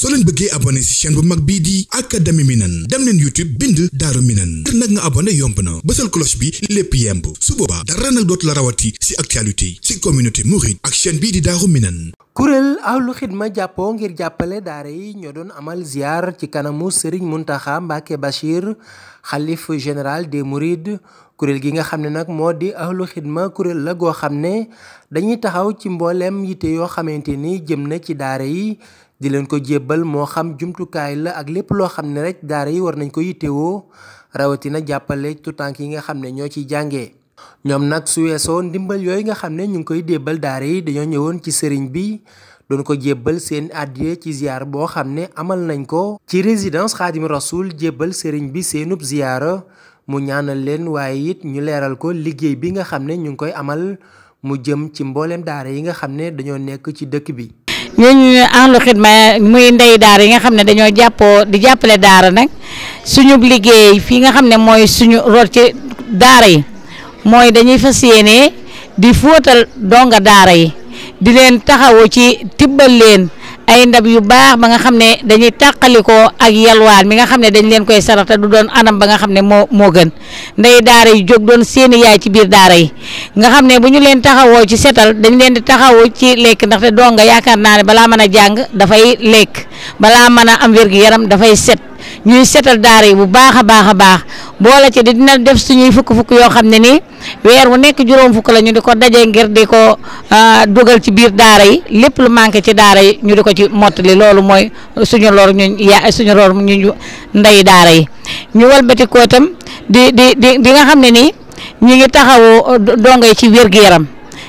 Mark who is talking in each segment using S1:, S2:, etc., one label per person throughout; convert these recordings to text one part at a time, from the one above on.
S1: soo leen bëggee abonné ci chaîne bu mag bii di académie Minane dem leen YouTube bind Daaru Minane ngir nag nga abonné yomb na bësal cloche bi lépp yemb su boobaa dara nag dootu la rawati ci actualité ci communauté mouride ak chaîne bii di Daaru Minane
S2: kuréel Ahlu Xidma jàppoo ngir jàppale daara yi ñoo doon amal ziar ci kanamu Serigne Mountakha Mbacké Bachir xalif général de Mourides kuréel gi nga xam ne nag moo di Ahlu Xidma kuréel la goo xam ne dañuy taxaw ci mboolem yite yoo xamante ni jëm na ci daara yi di leen ko jébbal moo xam jumtukaay la ak lépp loo xam ne rek daara yi war nañ ko yittewoo rawatina jàppale tutànk yi nga xam ne ñoo ciy jàngee. ñoom nag su weesoo ndimbal yooyu nga xam ne ñu ngi koy débbal daara yi dañoo ñëwoon ci sëriñ bi doon ko jébbal seen addiya ci ziar boo xam ne amal nañ ko. ci résidence xaadim rasul jébbal sëriñ bi seenub ziara mu ñaanal leen waaye it ñu leeral ko liggéey bi nga xam ne ñu ngi koy amal mu jëm ci mbooleem daara yi nga xam ne dañoo nekk ci dëkk bi.
S3: ñooñu ahlu xidma muy ndey daara yi nga xam ne dañoo jàppoo di jàppale daara nag suñu liggéey fii nga xam ne mooy suñu rôle ci daara yi mooy dañuy fas yéene di fóotal donga daara yi di leen taxawu ci tibbal leen ay ndab yu baax ba nga xam ne dañuy tàqalikoo ak yalwaan mi nga xam ne dañ leen koy saraxte du doon anam ba nga xam ne moo moo gën nday daara yi jóg doon seeni yaay ci biir daara yi nga xam ne bu ñu leen taxawoo ci setal dañ leen di taxawoo ci lekk ndaxte donga yaakaar naa ne balaa mën a jàng dafay lekk balaa mën a am wér yaram dafay set ñuy setal daara yi bu baax a baax a baax boole ci dina def suñuy fukk-fukk yoo xam ne nii weer wu nekk juróom fukk la ñu di ko dajee ngir di ko ah, dugal ci biir daara yi lépp lu manqué ci daara yi ñu di ko ci mottali loolu mooy suñu lor ñu ya suñu lor ñu ndey daara yi ñu walbati ko itam di di di di nga xam ne nii ñu ngi taxawu dongo yi ci wér-gu-yaram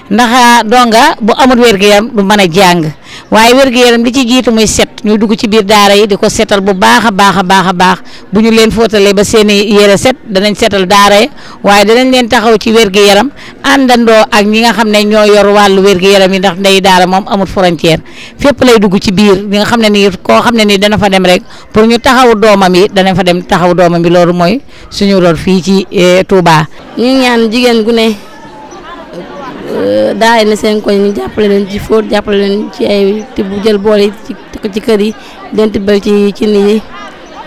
S3: ndax donga bu amul wér-gu-yaram du man a jàng waaye wér yaram li ci jiitu muy set ñuy dugg ci biir daara yi di ko setal bu baax a baax a baax a baax bu ñu leen footalee ba seeni yére set danañ setal daara yi waaye danañ leen taxaw ci wér-gu-yaram àndandoo ak ñi nga xam ne ñoo yor wàllu wér yaram yi ndax ndey daara moom amul frontière fépp lay dugg ci biir li nga xam ne nii koo xam ne nii dana fa dem rek pour ñu taxaw doomam yi danañ fa dem taxaw doomam yi loolu mooy suñu rôle fii ci eh, Touba. ñu Euh, daay na seen koñ ñu jàppale leen ci fóot jàppale leen ci ay te bu jël bool yi ci ci kër yi den tibbal ci ci nit yi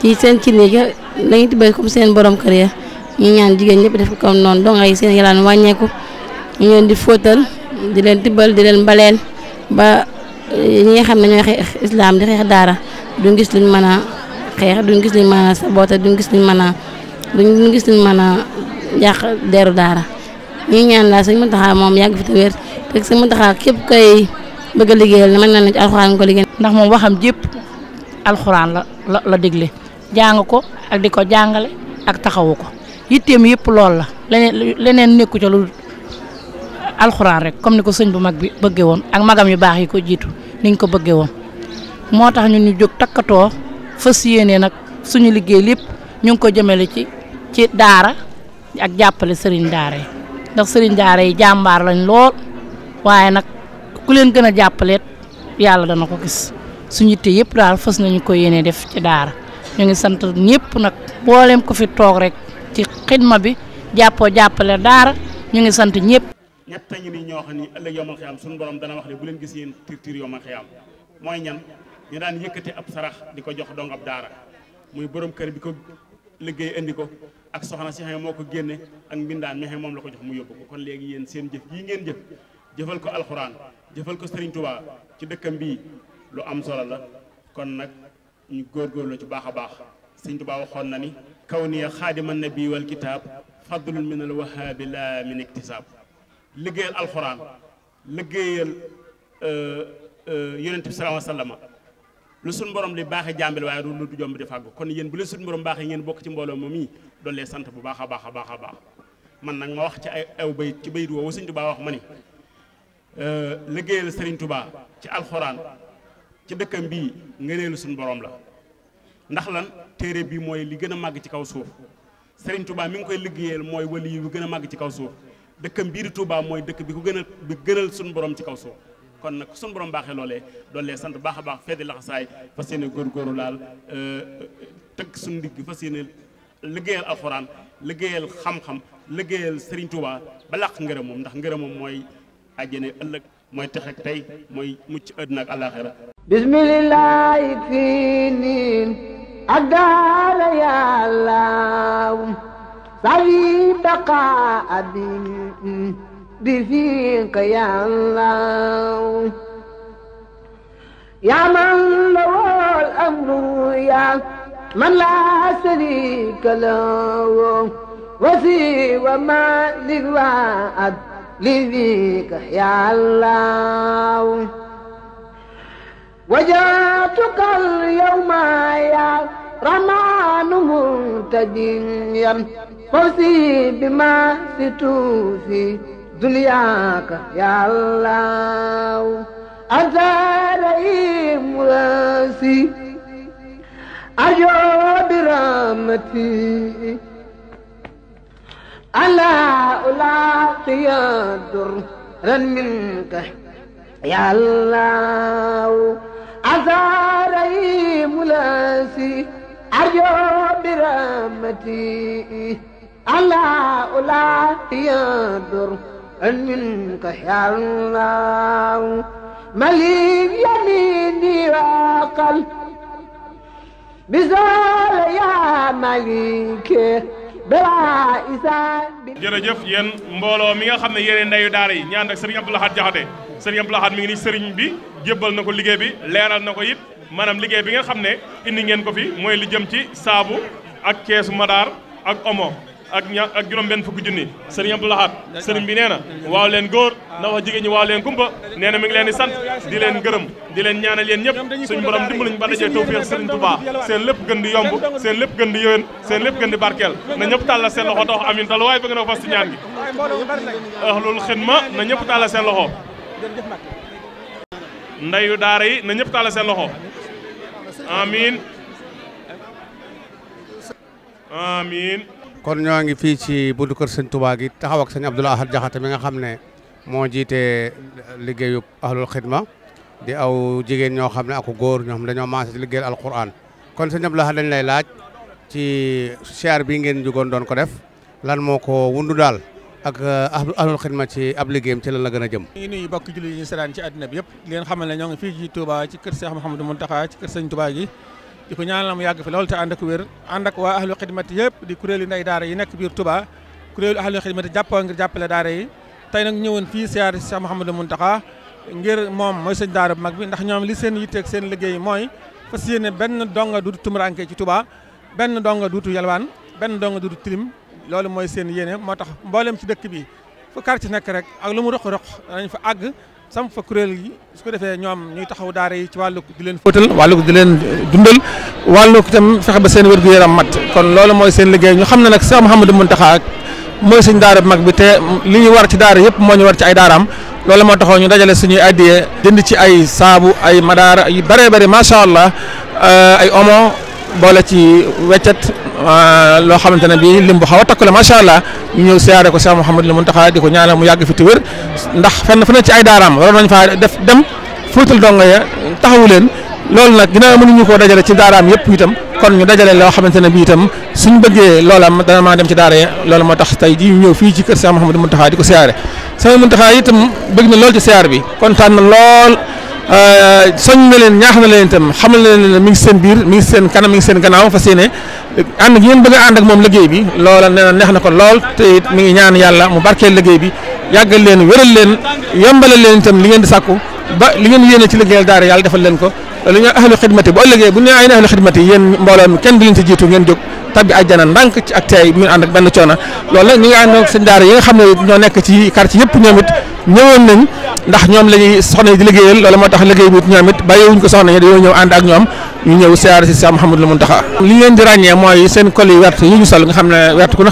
S3: ci seen ci nit ya dañuy tibbal comme seen borom kër ya ñu ñaan jigéen ñëpp def comme noonu dong ay seen yalaan wàññeeku ñu leen di fóotal di leen tibbal di leen mbaleel ba eh, ñi nga xam ne ñoo xeex islaam di xeex daara duñ gis luñ man a xeex du gis luñ mën a saboota gis luñ man a duñ a yàq deru daara ñuy ñaan laa sëñ Muntaxa moom yàgg fi te wér te sëñ Muntaxa képp kay bëgg a liggéeyal ne mën na ci alxuraan ko liggéey ndax moom waxam jépp alxuraan la la la digle jàng ko ak di ko jàngale ak taxawu ko yitteem yëpp lool la leneen leneen nekku ca alxuraan rek comme ni ko sëñ bu mag bi bëggee woon ak magam yu baax yi ko jiitu niñ ko bëggee woon moo tax ñu ñu jóg takkatoo fas yéene nag suñu liggéey lépp ñu ngi ko jëmale ci ci daara ak jàppale sëriñ daara yi ndax sëriñ daara yi jàmbaar lañ lool waaye nag ku leen gën a jàppaleet yàlla dana ko gis su yitte yëpp daal fas nañu ko yéene def ci daara ñu ngi sant ñëpp nag mboolem ko fi toog rek ci xidma bi jàppoo jàppale daara ñu ngi sant ñëpp.
S1: ñett ñu ni ñoo xam ni ëllëg yomal xiyaam suñu borom dana wax ne bu leen gis yéen tiir tiir yomal xiyaam mooy ñan ñu daan yëkkati ab sarax di ko jox dong ab daara muy borom kër bi ko liggéey indi ko ak soxna si xam moo ko génne ak mbindaan mi xam moom la ko jox mu yóbbu ko kon léegi yéen seen jëf yi ngeen jëf jëfal ko alxuraan jëfal ko Serigne Touba ci dëkk dëkkam bii lu am solo la kon nag ñu góor góorlu ci baax a baax Serigne Touba waxoon na ni kaw nii xaadima nabi wal kitaab fadlun min al wahaabi laa min iktisaab liggéeyal alxuraan liggéeyal euh, euh, yonente bi sallallahu alayhi wa sallam lu suñ borom li baaxee jàmbil waaye du lu du jomb di fàggu kon yéen bu leen suñ borom baaxee ngeen bokk ci mbooloo moom yi doon sant bu baax a baax a baax man nag ma wax ci ay aw bayit ci bayit woowu sëñ Tuubaa wax ma ni euh, liggéeyal sëriñ Tuubaa ci alxuraan ci dëkkam bii ngëneelu suñ borom la ndax lan téere bi mooy li gën a màgg ci kaw suuf sëriñ tubaa mi ngi koy liggéeyal mooy wali yu gën a màgg ci kaw suuf dëkkam bii tubaa mooy dëkk bi ko gën a bi gënal suñ borom ci kaw suuf kon nag suñu borom baaxee loolee doon sant baax baax feddi laxasaay fas yéene góor laal euh, euh, tëgg suñu ndigg fas yéene liggéeyal alxuraan liggéeyal xam-xam liggéeyal Serigne Touba ba làq ngërëm moom ndax ngërëm moom mooy àjjane ëllëg mooy texe ak tey mooy mucc àddina ak àllaaxira
S4: bismillaahi fii niin ak daala yàllaawum sawi baqaa abim bi fii ya Allah yaa man lawal amru yaa man laa sharika lahu wasi wa ma lil waad li fika ya Allah wajatuka al yawma ya رمان منتديا فوزي بما ستوفي دنياك يا الله أنت رئيم راسي أجو برامتي ألا ألاقي درا منك يا الله أنت رئيم راسي أجو برامتي ألا ألاقي درا أن منك يا الله مليء يميني وقل بزال يا مليك
S1: jërëjëf yéen mbooloo mi nga xam ne yéen ndeyu daara yi ñaan ak sëriñ Abdou Lahad Jaxate sëriñ Abdou mi ngi ni sëriñ bi jébbal na ko liggéey bi leeral na ko it maanaam liggéey bi nga xam ne indi ngeen ko fi mooy li jëm ci saabu ak keesu madaar ak omo ak ña ak juróom-benn fukki junni sëriñ Abdou Lahad bi nee na waaw leen góor na wax jigéen ñi waaw leen kumpa nee na mi ngi leen di sant di leen gërëm di leen ñaanal yéen ñëpp suñu borom dimbaliñ ba dajee tawfeex sëriñ Touba seen lépp gën di yomb seen lépp gën di yéwén seen lépp gën di barkeel na ñëpp tàllal seen loxo tax amin tal waaye bëgg na ko fas ci ñaan gi ahlul xidma na ñëpp tàllal seen loxo ndayu daara yi na ñëpp tàllal seen loxo
S2: amin amin kon ñoo ngi fii ci buntu kër sëñ Touba gi taxaw ak sëñ Abdoul Ahad Diakhaté mi nga xam ne moo jiite liggéeyub ahlul xidma di aw jigéen ñoo xam ne ak góor ñoo xam dañoo maase ci liggéeyal alquran kon sëñ Abdoul Ahad dañ lay laaj ci siyaar bi ngeen jugoon doon ko def lan moo ko wundu daal ak eh, ahlul xidma ci ab liggéeyam ci lan la gën a jëm. ñu ngi nuyu bokk julli yi ñu saraan ci àddina bi yëpp leen xamal ne ñoo ngi fii ci Touba ci kër Cheikh Mouhamadou sëñ Touba gi di ko ñaanal mu yàgg fi loolu te ànd ak wér ànd ak waa ahlu xidmati yëpp di kuréelu ndey daara yi nekk biir Touba kuréelu ahlu xidmati jàppoo ngir jàppale daara yi tey nag ñëwoon fii siyaar Cheikh Mouhamadou Mountakha ngir moom mooy sëñ daara bu mag bi ndax ñoom li seen yitteeg seen liggéey mooy fas yéene benn donga duutu tumuranke ci Touba benn donga duutu yalwaan benn donga duutu tilim loolu mooy seen yéene moo tax mboolem ci dëkk bi fu quartier nekk rek ak lu mu fa àgg sam fa kuréel yi su ko defee ñoom ñuy taxaw daara yi ci wàllu di leen fóotal wàllu di leen dundal wàllu itam fexe ba seen wér-gu-yaram mat kon loolu mooy seen liggéey ñu xam ne nag Cheikh Mouhamadou Mountakha mooy suñ daara bi mag bi te li ñu war ci daara yëpp moo ñu war ci ay daaraam loolu moo taxaw ñu dajale suñuy addiyee jënd ci ay saabu ay madaar yu bëree bëri macha allah ay omo boole ci weccet Euh, loo xamante ne bii lim bu xaw a takku la macha allah ñu ñëw siyaare ko Cheikh Mouhamadul Mountakha di ko ñaanal mu yàgg fi te wér ñëw fii ci bëgg na lool ci siyaar bi kontaan na lool Euh, soñ na leen ñaax na leen itam xamal na leen mi ngi seen biir mi ngi seen kanam mi ngi seen gannaaw fas yéene ànd ak yéen bëgg a ànd ko lool te it mi ngi ñaan yàlla mu barkeel liggéey bi yàggal leen wéral leen yombalal leen itam ngeen di sàkku ba li ngeen yéene ci liggéeyal daara yàlla defal leen ko li ñu ahlu xidmati bu ëllëgee bu ñu nee ay ahlu xidmati yéen mbooloo mi kenn du leen ci jiitu ngeen jóg tabbi àjjana ndànk ci ak tey bu ngeen ànd benn coono ñëwoon nañ ndax ñoom la ñuy soxna yi di liggéeyal loolu moo tax liggéey bi ñoom it bàyyiwuñ ko soxna yi dañoo ñëw ànd ak ñoom ñu ñëw si Cheikh Mouhamadou Mountakha li ñu leen di ràññee mooy seen col yi wert yi ñu sol nga xam ne wert ku ne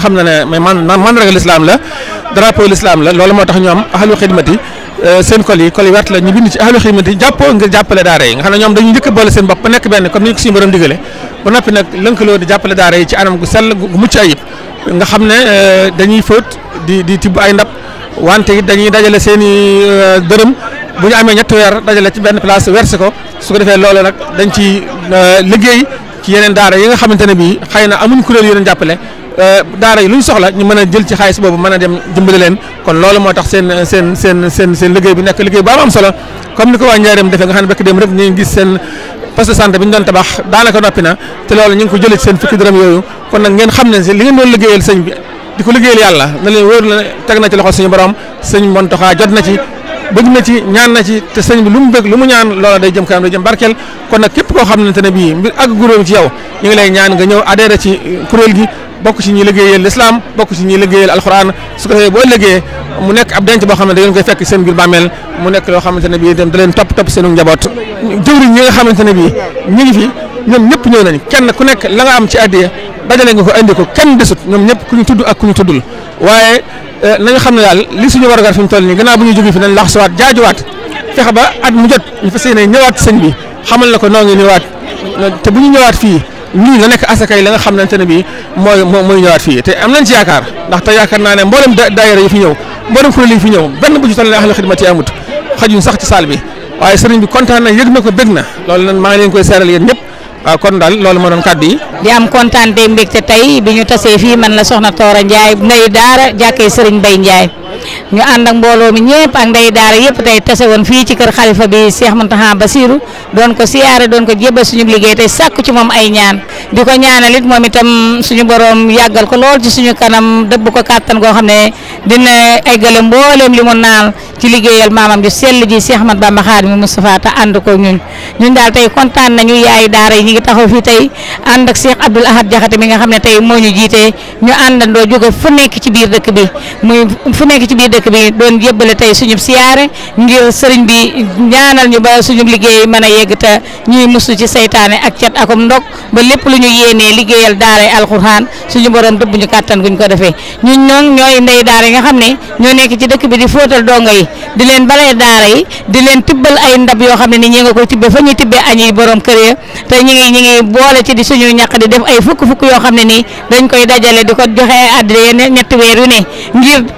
S2: moo tax ñoom ahlu xidmati euh, seen col yi yi wert la ñu bind ci ahlu xidmati jàppoo ngir jàppale daara yi nga xam ne ñoom dañuy njëkk a boole nekk lënkaloo di jàppale daara yi ci anam gu sell gu mucc ayib nga xam ne euh, dañuy fóot di di tibb ay ndab wante it dañuy dajale seen i euh, dërëm bu ñu amee ñetti weer dajale ci benn place wersi ko su ko defee loolu nag dañ ci euh, liggéey ci yeneen daara yi nga xamante ne bi xay na amuñ kuréel yu leen jàppale euh, daara yi lu ñu soxla ñu mën a jël ci xaalis boobu mën dem dimbali leen kon loolu moo tax seen seen seen seen seen liggéey bi nekk liggéey bu am am solo comme ni ko waa Njaareem defee nga xam ne bekk dem rek ñu ngi gis seen poste santé bi ñu doon tabax daanaka noppi na te loolu ñu ngi ko jëlee ci seen xam ne li ngeen doon bi di ko liggéeyal yàlla na leen wóor na teg na ci loxo suñu borom sëñ Mountakha jot na ci bëgg na ci ñaan na ci te sëñ bi lu mu bëgg lu mu ñaan loola day jëm kanam day jëm barkeel kon nag képp koo xamante ne bii mbir ak guróom ci yow ñu ngi lay ñaan nga ñëw adhéré ci kuréel gi bokk ci ñuy liggéeyal l'islam bokk ci ñuy liggéeyal alxuraan su ko defee boo liggéeyee mu nekk ab denc boo xam ne da ngeen koy fekk seen biir bàmmeel mu nekk loo xamante ne bii dem da leen topp topp seenu njaboot jëwriñ ñi nga xamante ne bii ñu ngi fi ñoom ñëpp ñëw nañ kenn ku nekk la nga am ci addiya dajale nga ko indi ko kenn desut ñoom ñëpp ku ñu tudd ak ku ñu tuddul waaye eh, nañu xam ne daal li suñu wargal fi mu toll nii ba at mu jot ñu fas yéene ñëwaat sëñ bi xamal na ko noo ngi ñëwaat te bu ñu ñëwaat fii la nekk asaka yi ne bii mooy mooy ñëwaat fii te am nañ ci yaakaar ndax te yaakaar naa ne mboolem daayira yi fi ñëw mboolem kuréel yi fi ñëw benn bu ci toll ne ahlu xidmati amut xajuñ sax ci saal bi waaye sëriñ bi kontaan na yëg na ko bég na loolu nag maa leen koy seeral yéen ñëpp Ah, kon daal loolu moo doon kàddu yi. di am kontaan tey mbégte tey bi ñu tasee fii man la soxna Toora
S3: Ndiaye ndeyu daara jàkkee Serigne bay Ndiaye. ñu ànd ak mbooloo mi ñëpp ak ndey daara yëpp tey tase woon fii ci kër xalifa bi Cheikh Mountakha Bassirou doon ko siyaare doon ko jébbal suñu liggéey tey sàkku ci moom ay ñaan di ko ñaanal it moom itam suñu borom yàggal ko lool ci suñu kanam dëbb ko kàttan goo xam ne dina eggale mbooleem li mu naal ci liggéeyal maamam ju sell ji Cheikh Ahmad Bamba Khadimou Moustapha te ànd ko ñun ñun daal tey kontaan nañu yaay daara yi ñu ngi taxaw fii tey ànd ak Cheikh Abdoul Ahad nga xam ne tey moo ñu jiitee ñu àndandoo jóge fu nekk ci biir dëkk bi muy fu biir dëkk bi doon yëbbale tey suñu siyaare ngir sëriñ bi ñaanal ñu ba suñu liggéey mën a yegg te ñuy musu ci seytaane ak cet akum ndog ba lépp lu ñu yéenee liggéeyal daaray alxuraan suñu borom dëbb ñu kàttan guñ ko defee ñu ñoom ñooy ndey daara yi nga xam ne ñoo nekk ci dëkk bi di fóotal donga yi di leen balee daara yi di leen tibbal ay ndab yoo xam ne ni ñi nga koy tibbe fa ñuy tibbee añuy borom kër ya te ñi ngi ñi ngi boole ci di suñu ñaq di def ay fukk fukk yoo xam ne nii dañ ko joxe addiya ñetti weer yu ne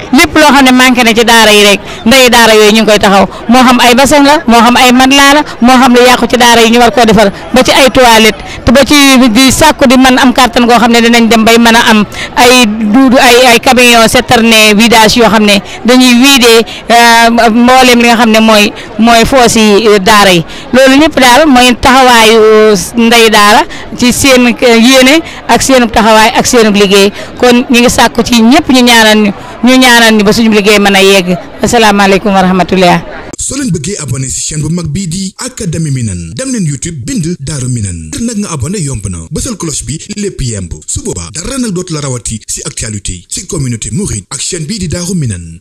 S3: xam ne manqué na ci daara yi rek ndey daara yooyu ñu ngi koy taxaw moo xam ay bassin la moo xam ay matelas la moo xam lu yàqu ci daara yi ñu war koo defar ba ci ay toilette te ba ci di sàkku di man am kàttan goo xam ne dinañ dem bay mën a am ay duudu ay ay camion citerne vidage yoo xam ne dañuy vider euh, mbooleem li nga xam ne mooy mooy foos yi euh, daara yi loolu ñëpp daal mooy taxawaayu euh, ndey daara ci seen yéene ak seen taxawaay ak seen liggéey kon ñu ngi sàkku ci ñëpp ñu ñaanal ñu ñu ñaanal ni ba suñu liggéey mën a yegg asalaamaaleykum wa rahmatullah
S1: soo leen bëggee abonné ci chaîne bu mag bi di Académie Minane dem leen YouTube bind Daaru Minane ngir nag nga abonné yomb na bësal cloche bi lépp yemb su boobaa dara nag dootu la rawati ci actualité ci communauté mouride ak chaîne bi di Daaru Minane